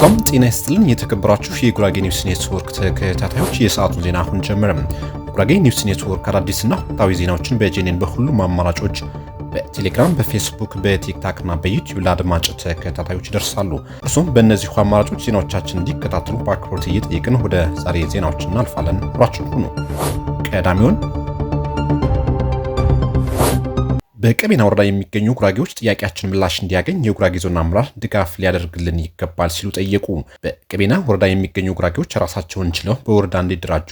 ቴሌኮም ጤና ይስጥልን። የተከበራችሁ የጉራጌ ኒውስ ኔትወርክ ተከታታዮች የሰዓቱን ዜና አሁን ጀመረም። ጉራጌ ኒውስ ኔትወርክ አዳዲስና ወቅታዊ ዜናዎችን በጄኔን በሁሉም አማራጮች በቴሌግራም፣ በፌስቡክ፣ በቲክታክ እና በዩቲዩብ ለአድማጭ ተከታታዮች ይደርሳሉ። እርሱም በእነዚሁ አማራጮች ዜናዎቻችን እንዲከታተሉ በአክብሮት እየጠየቅን ወደ ዛሬ ዜናዎች እናልፋለን። አብራችሁ ሁኑ። ቀዳሚውን በቀቤና ወረዳ የሚገኙ ጉራጌዎች ጥያቄያችን ምላሽ እንዲያገኝ የጉራጌ ዞን አመራር ድጋፍ ሊያደርግልን ይገባል ሲሉ ጠየቁ። በቀቤና ወረዳ የሚገኙ ጉራጌዎች ራሳቸውን ችለው በወረዳ እንዲደራጁ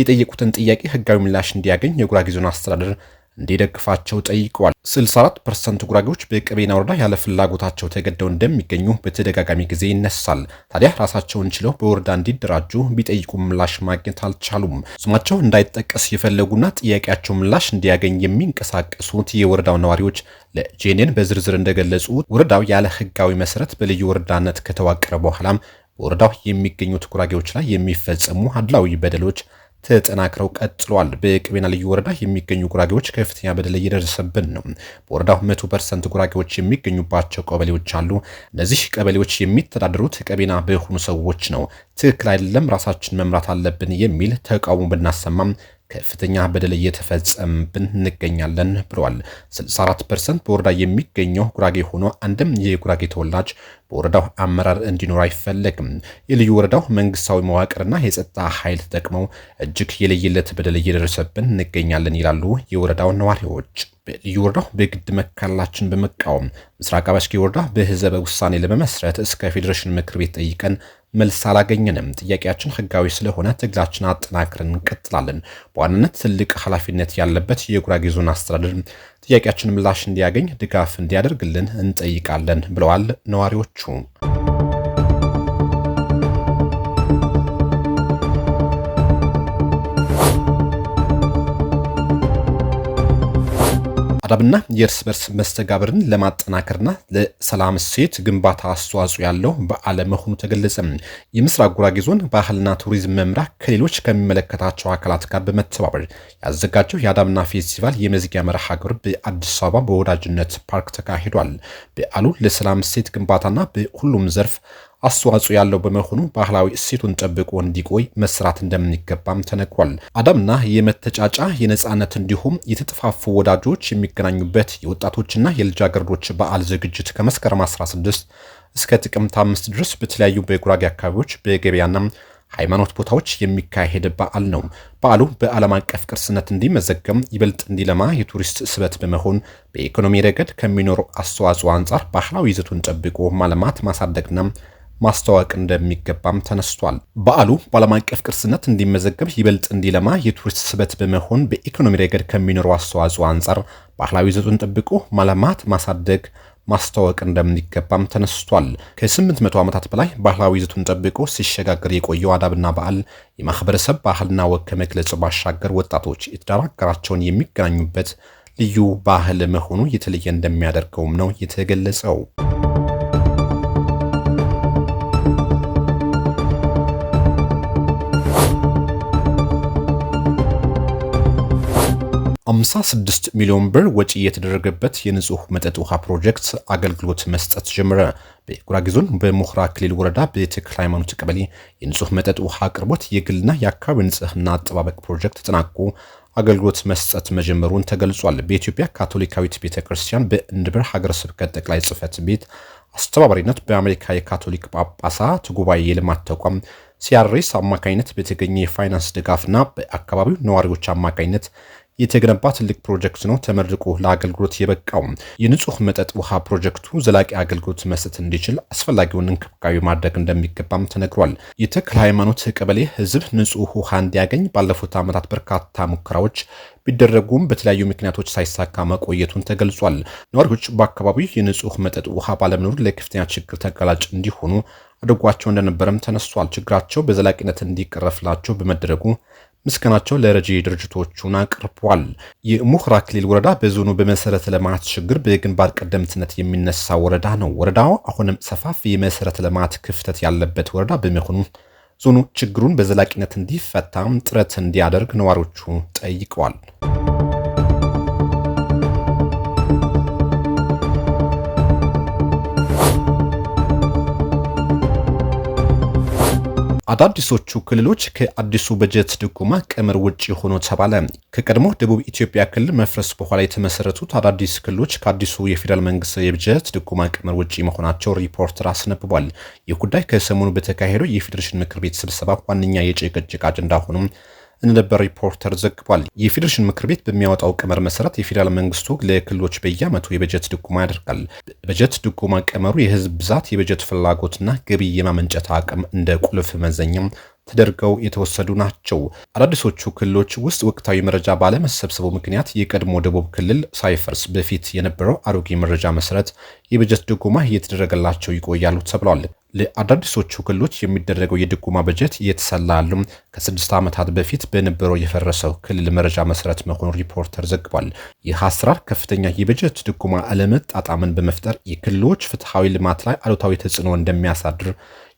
የጠየቁትን ጥያቄ ህጋዊ ምላሽ እንዲያገኝ የጉራጌ ዞን አስተዳደር እንዲደግፋቸው ጠይቀዋል። 64 ፐርሰንት ጉራጌዎች በቀቤና ወረዳ ያለ ፍላጎታቸው ተገደው እንደሚገኙ በተደጋጋሚ ጊዜ ይነሳል። ታዲያ ራሳቸውን ችለው በወረዳ እንዲደራጁ ቢጠይቁ ምላሽ ማግኘት አልቻሉም። ስማቸው እንዳይጠቀስ የፈለጉና ጥያቄያቸው ምላሽ እንዲያገኝ የሚንቀሳቀሱት የወረዳው ነዋሪዎች ለጄኔን በዝርዝር እንደገለጹ ወረዳው ያለ ህጋዊ መሰረት በልዩ ወረዳነት ከተዋቀረ በኋላም በወረዳው የሚገኙት ጉራጌዎች ላይ የሚፈጸሙ አድላዊ በደሎች ተጠናክረው ቀጥሏል። በቀቤና ልዩ ወረዳ የሚገኙ ጉራጌዎች ከፍተኛ በደል እየደረሰብን ነው። በወረዳው መቶ ፐርሰንት ጉራጌዎች የሚገኙባቸው ቀበሌዎች አሉ። እነዚህ ቀበሌዎች የሚተዳደሩት ቀቤና በሆኑ ሰዎች ነው። ትክክል አይደለም፣ ራሳችን መምራት አለብን የሚል ተቃውሞ ብናሰማም ከፍተኛ በደል እየተፈጸምብን እንገኛለን ብለዋል። 64 ፐርሰንት በወረዳ የሚገኘው ጉራጌ ሆኖ አንድም የጉራጌ ተወላጅ በወረዳው አመራር እንዲኖር አይፈለግም። የልዩ ወረዳው መንግስታዊ መዋቅርና የጸጥታ ኃይል ተጠቅመው እጅግ የለየለት በደል እየደረሰብን እንገኛለን ይላሉ የወረዳው ነዋሪዎች። ልዩ ወረዳው በግድ መካላችን በመቃወም ምስራቅ አባሽጌ ወረዳ በህዝበ ውሳኔ ለመመስረት እስከ ፌዴሬሽን ምክር ቤት ጠይቀን መልስ አላገኘንም። ጥያቄያችን ህጋዊ ስለሆነ ትግላችን አጠናክረን እንቀጥላለን። በዋናነት ትልቅ ኃላፊነት ያለበት የጉራጌ ዞን አስተዳደር ጥያቄያችን ምላሽ እንዲያገኝ ድጋፍ እንዲያደርግልን እንጠይቃለን ብለዋል ነዋሪዎቹ። አዳብና የእርስ በርስ መስተጋብርን ለማጠናከርና ለሰላም እሴት ግንባታ አስተዋጽኦ ያለው በዓል መሆኑ ተገለጸ። የምስራቅ ጉራጌ ዞን ባህልና ቱሪዝም መምሪያ ከሌሎች ከሚመለከታቸው አካላት ጋር በመተባበር ያዘጋጀው የአዳምና ፌስቲቫል የመዝጊያ መርሃ ግብር በአዲስ አበባ በወዳጅነት ፓርክ ተካሂዷል። በዓሉ ለሰላም እሴት ግንባታና በሁሉም ዘርፍ አስተዋጽኦ ያለው በመሆኑ ባህላዊ እሴቱን ጠብቆ እንዲቆይ መስራት እንደምንገባም ተነግሯል። አዳምና የመተጫጫ የነጻነት እንዲሁም የተጠፋፉ ወዳጆች የሚገናኙበት የወጣቶችና የልጃገረዶች በዓል ዝግጅት ከመስከረም 16 እስከ ጥቅምት 5 ድረስ በተለያዩ በጉራጌ አካባቢዎች በገበያና ሃይማኖት ቦታዎች የሚካሄድ በዓል ነው። በዓሉ በዓለም አቀፍ ቅርስነት እንዲመዘገም ይበልጥ እንዲለማ የቱሪስት ስበት በመሆን በኢኮኖሚ ረገድ ከሚኖረው አስተዋጽኦ አንጻር ባህላዊ ይዘቱን ጠብቆ ማልማት ማሳደግና ማስተዋወቅ እንደሚገባም ተነስቷል። በዓሉ በዓለም አቀፍ ቅርስነት እንዲመዘገብ ይበልጥ እንዲለማ የቱሪስት ስበት በመሆን በኢኮኖሚ ረገድ ከሚኖረው አስተዋጽኦ አንጻር ባህላዊ ይዘቱን ጠብቆ ማለማት፣ ማሳደግ ማስተዋወቅ እንደሚገባም ተነስቷል። ከ800 ዓመታት በላይ ባህላዊ ይዘቱን ጠብቆ ሲሸጋገር የቆየው አዳብና በዓል የማህበረሰብ ባህልና ወግ ከመግለጽ ባሻገር ወጣቶች የትዳር አጋራቸውን የሚገናኙበት ልዩ ባህል መሆኑ የተለየ እንደሚያደርገውም ነው የተገለጸው። 56 ሚሊዮን ብር ወጪ የተደረገበት የንጹህ መጠጥ ውሃ ፕሮጀክት አገልግሎት መስጠት ጀመረ። በጉራጌ ዞን በሞህራ ክልል ወረዳ በተክለ ሃይማኖት ቀበሌ የንጹህ መጠጥ ውሃ አቅርቦት የግልና የአካባቢ ንጽህና አጠባበቅ ፕሮጀክት ተጠናቆ አገልግሎት መስጠት መጀመሩን ተገልጿል። በኢትዮጵያ ካቶሊካዊት ቤተ ክርስቲያን በእንድብር ሀገረ ስብከት ጠቅላይ ጽሕፈት ቤት አስተባባሪነት በአሜሪካ የካቶሊክ ጳጳሳት ጉባኤ የልማት ተቋም ሲያሬስ አማካኝነት በተገኘ የፋይናንስ ድጋፍና በአካባቢው ነዋሪዎች አማካኝነት የተገነባ ትልቅ ፕሮጀክት ነው ተመርቆ ለአገልግሎት የበቃው። የንጹህ መጠጥ ውሃ ፕሮጀክቱ ዘላቂ አገልግሎት መስጠት እንዲችል አስፈላጊውን እንክብካቤ ማድረግ እንደሚገባም ተነግሯል። የተክለ ሃይማኖት ቀበሌ ህዝብ ንጹህ ውሃ እንዲያገኝ ባለፉት ዓመታት በርካታ ሙከራዎች ቢደረጉም በተለያዩ ምክንያቶች ሳይሳካ መቆየቱን ተገልጿል። ነዋሪዎች በአካባቢው የንጹህ መጠጥ ውሃ ባለመኖር ለከፍተኛ ችግር ተጋላጭ እንዲሆኑ አድርጓቸው እንደነበረም ተነስቷል። ችግራቸው በዘላቂነት እንዲቀረፍላቸው በመደረጉ ምስጋናቸውን ለረጂ ድርጅቶቹን አቅርቧል። የሙህራ ክልል ወረዳ በዞኑ በመሰረተ ልማት ችግር በግንባር ቀደምትነት የሚነሳ ወረዳ ነው። ወረዳው አሁንም ሰፋፊ የመሰረተ ልማት ክፍተት ያለበት ወረዳ በመሆኑ ዞኑ ችግሩን በዘላቂነት እንዲፈታም ጥረት እንዲያደርግ ነዋሪዎቹ ጠይቀዋል። አዳዲሶቹ ክልሎች ከአዲሱ በጀት ድጎማ ቀመር ውጭ ሆኖ ተባለ። ከቀድሞ ደቡብ ኢትዮጵያ ክልል መፍረስ በኋላ የተመሰረቱት አዳዲስ ክልሎች ከአዲሱ የፌዴራል መንግስት የበጀት ድጎማ ቀመር ውጭ መሆናቸው ሪፖርተር አስነብቧል። ይህ ጉዳይ ከሰሞኑ በተካሄደው የፌዴሬሽን ምክር ቤት ስብሰባ ዋነኛ የጭቅጭቅ አጀንዳ ሆኖም እንደነበር ሪፖርተር ዘግቧል። የፌዴሬሽን ምክር ቤት በሚያወጣው ቀመር መሰረት የፌዴራል መንግስቱ ለክልሎች በየዓመቱ የበጀት ድጎማ ያደርጋል። በጀት ድጎማ ቀመሩ የህዝብ ብዛት፣ የበጀት ፍላጎትና ገቢ የማመንጨት አቅም እንደ ቁልፍ መዘኛም ተደርገው የተወሰዱ ናቸው። አዳዲሶቹ ክልሎች ውስጥ ወቅታዊ መረጃ ባለመሰብሰቡ ምክንያት የቀድሞ ደቡብ ክልል ሳይፈርስ በፊት የነበረው አሮጌ መረጃ መሰረት የበጀት ድጎማ እየተደረገላቸው ይቆያሉ ተብሏል። ለአዳዲሶቹ ክልሎች የሚደረገው የድጎማ በጀት እየተሰላሉ ከስድስት ዓመታት በፊት በነበረው የፈረሰው ክልል መረጃ መሰረት መሆኑን ሪፖርተር ዘግቧል። ይህ አሰራር ከፍተኛ የበጀት ድጎማ አለመጣጣምን በመፍጠር የክልሎች ፍትሐዊ ልማት ላይ አሉታዊ ተጽዕኖ እንደሚያሳድር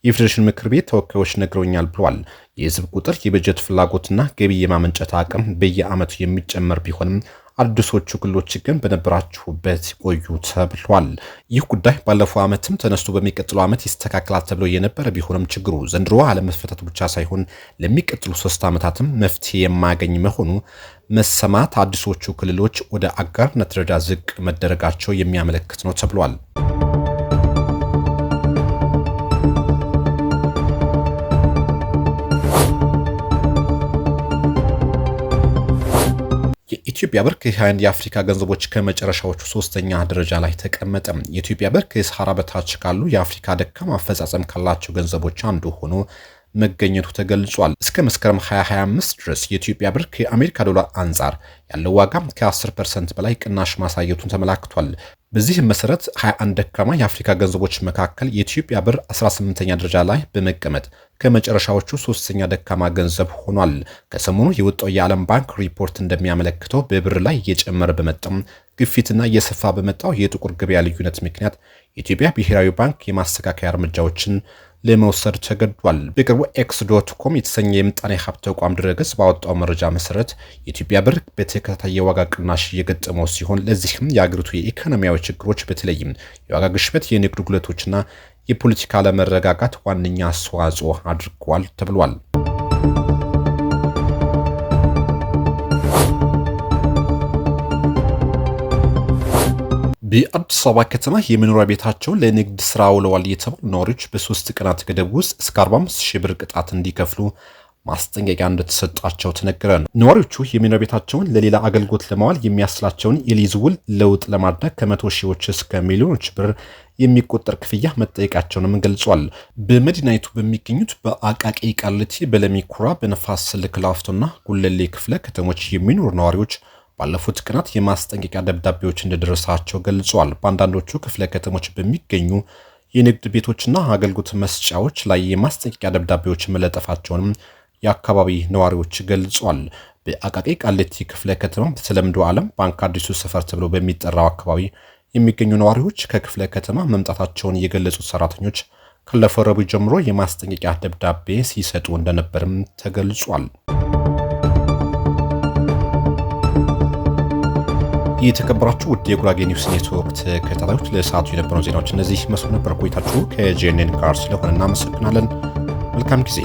የፌዴሬሽን ምክር ቤት ተወካዮች ነግረውኛል ብሏል። የህዝብ ቁጥር የበጀት ፍላጎትና ገቢ የማመንጨት አቅም በየዓመቱ የሚጨመር ቢሆንም አዲሶቹ ክልሎች ግን በነበራችሁበት ቆዩ ተብሏል። ይህ ጉዳይ ባለፈው ዓመትም ተነስቶ በሚቀጥለው ዓመት ይስተካከላል ተብሎ የነበረ ቢሆንም ችግሩ ዘንድሮ አለመፈታቱ ብቻ ሳይሆን ለሚቀጥሉ ሶስት ዓመታትም መፍትሄ የማያገኝ መሆኑ መሰማት አዲሶቹ ክልሎች ወደ አጋርነት ደረጃ ዝቅ መደረጋቸው የሚያመለክት ነው ተብሏል። ኢትዮጵያ ብር ከ21 የአፍሪካ ገንዘቦች ከመጨረሻዎቹ ሶስተኛ ደረጃ ላይ ተቀመጠ። የኢትዮጵያ ብር ከሰሃራ በታች ካሉ የአፍሪካ ደካማ አፈጻጸም ካላቸው ገንዘቦች አንዱ ሆኖ መገኘቱ ተገልጿል። እስከ መስከረም 2025 ድረስ የኢትዮጵያ ብር ከአሜሪካ ዶላር አንጻር ያለው ዋጋ ከ10 ፐርሰንት በላይ ቅናሽ ማሳየቱን ተመላክቷል። በዚህም መሰረት 21 ደካማ የአፍሪካ ገንዘቦች መካከል የኢትዮጵያ ብር 18ኛ ደረጃ ላይ በመቀመጥ ከመጨረሻዎቹ ሶስተኛ ደካማ ገንዘብ ሆኗል። ከሰሞኑ የወጣው የዓለም ባንክ ሪፖርት እንደሚያመለክተው በብር ላይ እየጨመረ በመጣም ግፊትና እየሰፋ በመጣው የጥቁር ገበያ ልዩነት ምክንያት የኢትዮጵያ ብሔራዊ ባንክ የማስተካከያ እርምጃዎችን ለመውሰድ ተገዷል። በቅርቡ ኤክስ ዶት ኮም የተሰኘ የምጣኔ ሀብት ተቋም ድረገጽ ባወጣው መረጃ መሰረት የኢትዮጵያ ብር በተከታታይ የዋጋ ቅናሽ እየገጠመው ሲሆን ለዚህም የአገሪቱ የኢኮኖሚያዊ ችግሮች በተለይም የዋጋ ግሽበት፣ የንግድ ጉለቶችና የፖለቲካ አለመረጋጋት ዋነኛ አስተዋጽኦ አድርገዋል ተብሏል። በአዲስ አበባ ከተማ የመኖሪያ ቤታቸውን ለንግድ ስራ ውለዋል የተባሉ ነዋሪዎች በሶስት ቀናት ገደብ ውስጥ እስከ 45 ሺህ ብር ቅጣት እንዲከፍሉ ማስጠንቀቂያ እንደተሰጣቸው ተነገረ ነው። ነዋሪዎቹ የመኖሪያ ቤታቸውን ለሌላ አገልግሎት ለማዋል የሚያስችላቸውን የሊዝ ውል ለውጥ ለማድረግ ከመቶ ሺዎች እስከ ሚሊዮኖች ብር የሚቆጠር ክፍያ መጠየቃቸውንም ገልጿል። በመዲናይቱ በሚገኙት በአቃቂ ቃልቲ፣ በለሚኩራ በነፋስ ስልክ ላፍቶና ጉለሌ ክፍለ ከተሞች የሚኖሩ ነዋሪዎች ባለፉት ቀናት የማስጠንቀቂያ ደብዳቤዎች እንደደረሳቸው ገልጿል። በአንዳንዶቹ ክፍለ ከተሞች በሚገኙ የንግድ ቤቶችና አገልግሎት መስጫዎች ላይ የማስጠንቀቂያ ደብዳቤዎች መለጠፋቸውንም የአካባቢ ነዋሪዎች ገልጿል። በአቃቂ ቃሊቲ ክፍለ ከተማ በተለምዶ ዓለም ባንክ አዲሱ ሰፈር ተብሎ በሚጠራው አካባቢ የሚገኙ ነዋሪዎች ከክፍለ ከተማ መምጣታቸውን የገለጹት ሰራተኞች ካለፈው ረቡዕ ጀምሮ የማስጠንቀቂያ ደብዳቤ ሲሰጡ እንደነበርም ተገልጿል። የተከበራችሁ ውድ የጉራጌ ኒውስ ኔትወርክ ተከታታዮች ለሰዓቱ የነበረው ዜናዎች እነዚህ መስሉ ነበር። ቆይታችሁ ከጄኔን ጋር ስለሆነ እናመሰግናለን። መልካም ጊዜ